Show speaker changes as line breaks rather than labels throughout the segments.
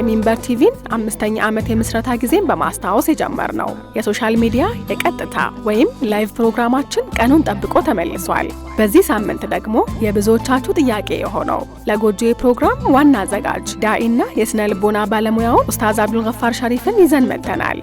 የሚንበር ቲቪን አምስተኛ ዓመት የምስረታ ጊዜን በማስታወስ የጀመር ነው። የሶሻል ሚዲያ የቀጥታ ወይም ላይቭ ፕሮግራማችን ቀኑን ጠብቆ ተመልሷል። በዚህ ሳምንት ደግሞ የብዙዎቻችሁ ጥያቄ የሆነው ለጎጆ ፕሮግራም ዋና አዘጋጅ ዳኢና የስነ ልቦና ባለሙያውን ኡስታዝ አብዱልገፋር ሸሪፍን ይዘን መጥተናል።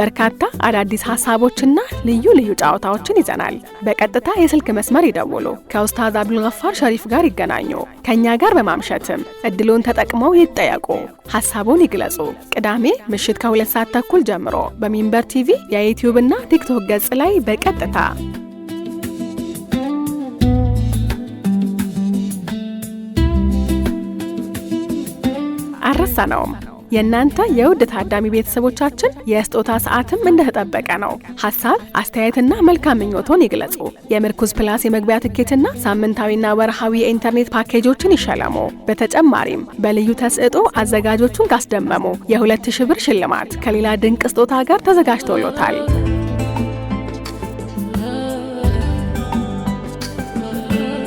በርካታ አዳዲስ ሀሳቦችና ልዩ ልዩ ጨዋታዎችን ይዘናል። በቀጥታ የስልክ መስመር ይደውሉ፣ ከኡስታዝ አብዱልገፋር ሸሪፍ ጋር ይገናኙ። ከእኛ ጋር በማምሸትም እድሉን ተጠቅመው ይጠየቁ፣ ሀሳቡን ይግለጹ። ቅዳሜ ምሽት ከሁለት ሰዓት ተኩል ጀምሮ በሚንበር ቲቪ እና ቲክቶክ ገጽ ላይ በቀጥታ አረሳ ነውም የእናንተ የውድ ታዳሚ ቤተሰቦቻችን የስጦታ ሰዓትም እንደተጠበቀ ነው። ሀሳብ አስተያየትና መልካም ምኞቶን ይግለጹ። የምርኩዝ ፕላስ የመግቢያ ትኬትና ሳምንታዊና ወርሃዊ የኢንተርኔት ፓኬጆችን ይሸለሙ። በተጨማሪም በልዩ ተሰጥኦ አዘጋጆቹን ካስደመሙ የ2000 ብር ሽልማት ከሌላ ድንቅ ስጦታ ጋር ተዘጋጅቶሎታል።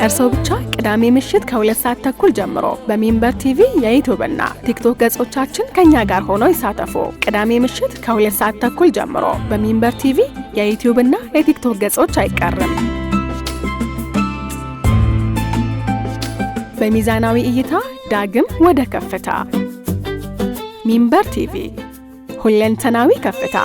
እርስዎ ብቻ ቅዳሜ ምሽት ከሁለት ሰዓት ተኩል ጀምሮ በሚንበር ቲቪ የዩቱብና ቲክቶክ ገጾቻችን ከእኛ ጋር ሆነው ይሳተፉ። ቅዳሜ ምሽት ከሁለት ሰዓት ተኩል ጀምሮ በሚንበር ቲቪ የዩቱብና የቲክቶክ ገጾች አይቀርም። በሚዛናዊ እይታ ዳግም ወደ ከፍታ። ሚንበር ቲቪ ሁለንተናዊ ከፍታ